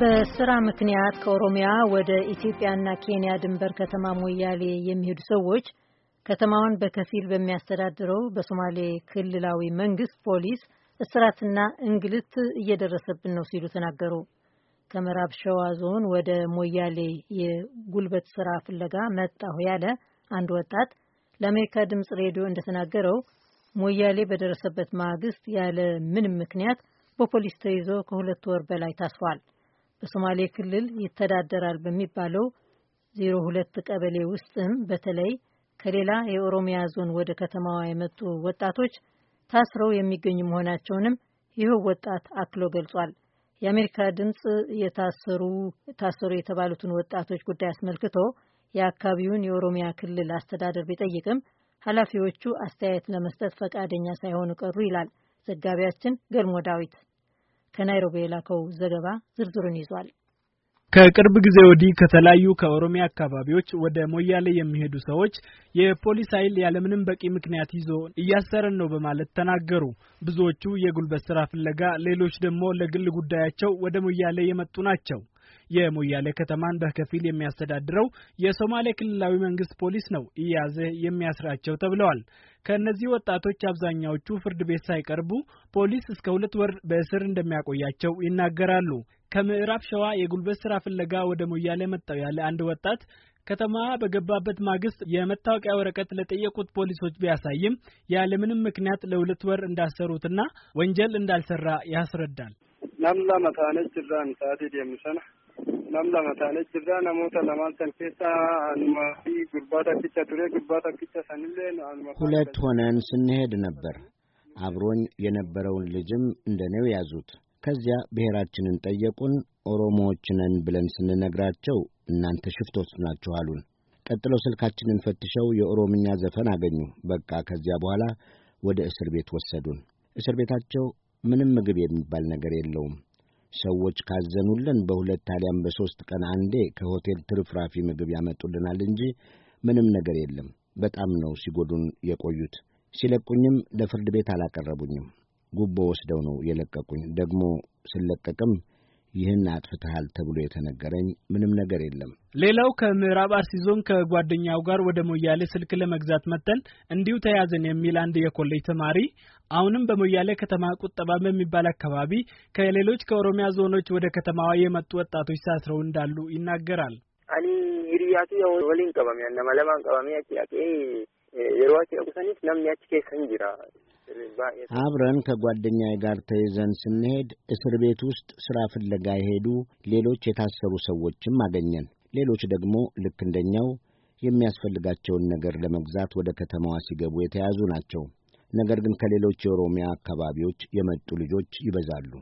በስራ ምክንያት ከኦሮሚያ ወደ ኢትዮጵያና ኬንያ ድንበር ከተማ ሞያሌ የሚሄዱ ሰዎች ከተማዋን በከፊል በሚያስተዳድረው በሶማሌ ክልላዊ መንግስት ፖሊስ እስራትና እንግልት እየደረሰብን ነው ሲሉ ተናገሩ። ከምዕራብ ሸዋ ዞን ወደ ሞያሌ የጉልበት ስራ ፍለጋ መጣሁ ያለ አንድ ወጣት ለአሜሪካ ድምፅ ሬዲዮ እንደተናገረው ሞያሌ በደረሰበት ማግስት ያለ ምንም ምክንያት በፖሊስ ተይዞ ከሁለት ወር በላይ ታስሯል። በሶማሌ ክልል ይተዳደራል በሚባለው ዜሮ ቀበሌ ውስጥም በተለይ ከሌላ የኦሮሚያ ዞን ወደ ከተማዋ የመጡ ወጣቶች ታስረው የሚገኙ መሆናቸውንም ይህው ወጣት አክሎ ገልጿል። የአሜሪካ ድምፅ የታሰሩ ታሰሩ የተባሉትን ወጣቶች ጉዳይ አስመልክቶ የአካባቢውን የኦሮሚያ ክልል አስተዳደር ቢጠይቅም ኃላፊዎቹ አስተያየት ለመስጠት ፈቃደኛ ሳይሆኑ ቀሩ ይላል ዘጋቢያችን ገልሞ ዳዊት። ከናይሮቢ የላከው ዘገባ ዝርዝሩን ይዟል። ከቅርብ ጊዜ ወዲህ ከተለያዩ ከኦሮሚያ አካባቢዎች ወደ ሞያሌ የሚሄዱ ሰዎች የፖሊስ ኃይል ያለምንም በቂ ምክንያት ይዞ እያሰረን ነው በማለት ተናገሩ። ብዙዎቹ የጉልበት ስራ ፍለጋ፣ ሌሎች ደግሞ ለግል ጉዳያቸው ወደ ሞያሌ የመጡ ናቸው። የሞያሌ ከተማን በከፊል የሚያስተዳድረው የሶማሌ ክልላዊ መንግስት ፖሊስ ነው እያዘ የሚያስራቸው ተብለዋል። ከእነዚህ ወጣቶች አብዛኛዎቹ ፍርድ ቤት ሳይቀርቡ ፖሊስ እስከ ሁለት ወር በእስር እንደሚያቆያቸው ይናገራሉ። ከምዕራብ ሸዋ የጉልበት ስራ ፍለጋ ወደ ሞያሌ መጣው ያለ አንድ ወጣት ከተማ በገባበት ማግስት የመታወቂያ ወረቀት ለጠየቁት ፖሊሶች ቢያሳይም ያለምንም ምክንያት ለሁለት ወር እንዳሰሩትና ወንጀል እንዳልሰራ ያስረዳል። ናምላ መታነች ራ ምሳቴ የምሰና nam lama taane jirra namoota lamaan san keessa fi gurbaa takkicha ture gurbaa takkicha sanillee anuma ሁለት ሆነን ስንሄድ ነበር። አብሮኝ የነበረውን ልጅም እንደነው ያዙት። ከዚያ ብሔራችንን ጠየቁን። ኦሮሞዎች ነን ብለን ስንነግራቸው እናንተ ሽፍቶች ናችሁ አሉን። ቀጥለው ስልካችንን ፈትሸው የኦሮምኛ ዘፈን አገኙ። በቃ ከዚያ በኋላ ወደ እስር ቤት ወሰዱን። እስር ቤታቸው ምንም ምግብ የሚባል ነገር የለውም። ሰዎች ካዘኑልን በሁለት አሊያም በሦስት ቀን አንዴ ከሆቴል ትርፍራፊ ምግብ ያመጡልናል እንጂ ምንም ነገር የለም። በጣም ነው ሲጎዱን የቆዩት። ሲለቁኝም ለፍርድ ቤት አላቀረቡኝም። ጉቦ ወስደው ነው የለቀቁኝ። ደግሞ ስለቀቅም ይህን አጥፍተሃል ተብሎ የተነገረኝ ምንም ነገር የለም። ሌላው ከምዕራብ አርሲ ዞን ከጓደኛው ጋር ወደ ሞያሌ ስልክ ለመግዛት መጥተን እንዲሁ ተያዘን የሚል አንድ የኮሌጅ ተማሪ አሁንም በሞያሌ ከተማ ቁጠባ በሚባል አካባቢ ከሌሎች ከኦሮሚያ ዞኖች ወደ ከተማዋ የመጡ ወጣቶች ሳስረው እንዳሉ ይናገራል። አኒ ሂሪያቱ ወሊን ቀባሚ ነማ ለማን ቀባሚ ያቄ የሮዋች ያቁሰኒት ነምን ያች ሰንጅራ አብረን ከጓደኛዬ ጋር ተይዘን ስንሄድ እስር ቤት ውስጥ ስራ ፍለጋ የሄዱ ሌሎች የታሰሩ ሰዎችም አገኘን። ሌሎች ደግሞ ልክ እንደኛው የሚያስፈልጋቸውን ነገር ለመግዛት ወደ ከተማዋ ሲገቡ የተያዙ ናቸው። ነገር ግን ከሌሎች የኦሮሚያ አካባቢዎች የመጡ ልጆች ይበዛሉ።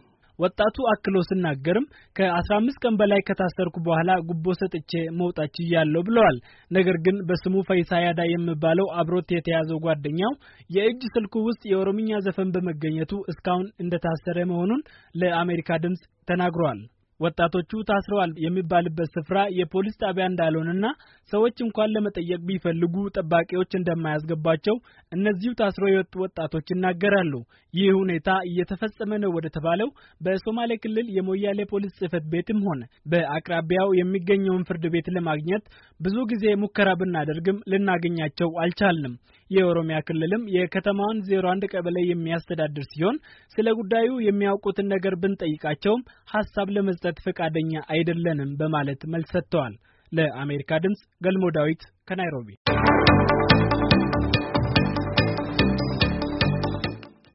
ወጣቱ አክሎ ስናገርም ከ15 ቀን በላይ ከታሰርኩ በኋላ ጉቦ ሰጥቼ መውጣት ችያለሁ ብለዋል። ነገር ግን በስሙ ፈይሳ ያዳ የሚባለው አብሮት የተያዘው ጓደኛው የእጅ ስልኩ ውስጥ የኦሮምኛ ዘፈን በመገኘቱ እስካሁን እንደታሰረ መሆኑን ለአሜሪካ ድምፅ ተናግሯል። ወጣቶቹ ታስረዋል የሚባልበት ስፍራ የፖሊስ ጣቢያ እንዳልሆነና ሰዎች እንኳን ለመጠየቅ ቢፈልጉ ጠባቂዎች እንደማያስገባቸው እነዚሁ ታስሮ የወጡ ወጣቶች ይናገራሉ። ይህ ሁኔታ እየተፈጸመ ነው ወደ ተባለው በሶማሌ ክልል የሞያሌ ፖሊስ ጽህፈት ቤትም ሆነ በአቅራቢያው የሚገኘውን ፍርድ ቤት ለማግኘት ብዙ ጊዜ ሙከራ ብናደርግም ልናገኛቸው አልቻልንም። የኦሮሚያ ክልልም የከተማዋን 01 ቀበሌ የሚያስተዳድር ሲሆን ስለ ጉዳዩ የሚያውቁትን ነገር ብንጠይቃቸውም ሀሳብ ለመስጠት ፈቃደኛ አይደለንም በማለት መልስ ሰጥተዋል። ለአሜሪካ ድምፅ ገልሞ ዳዊት ከናይሮቢ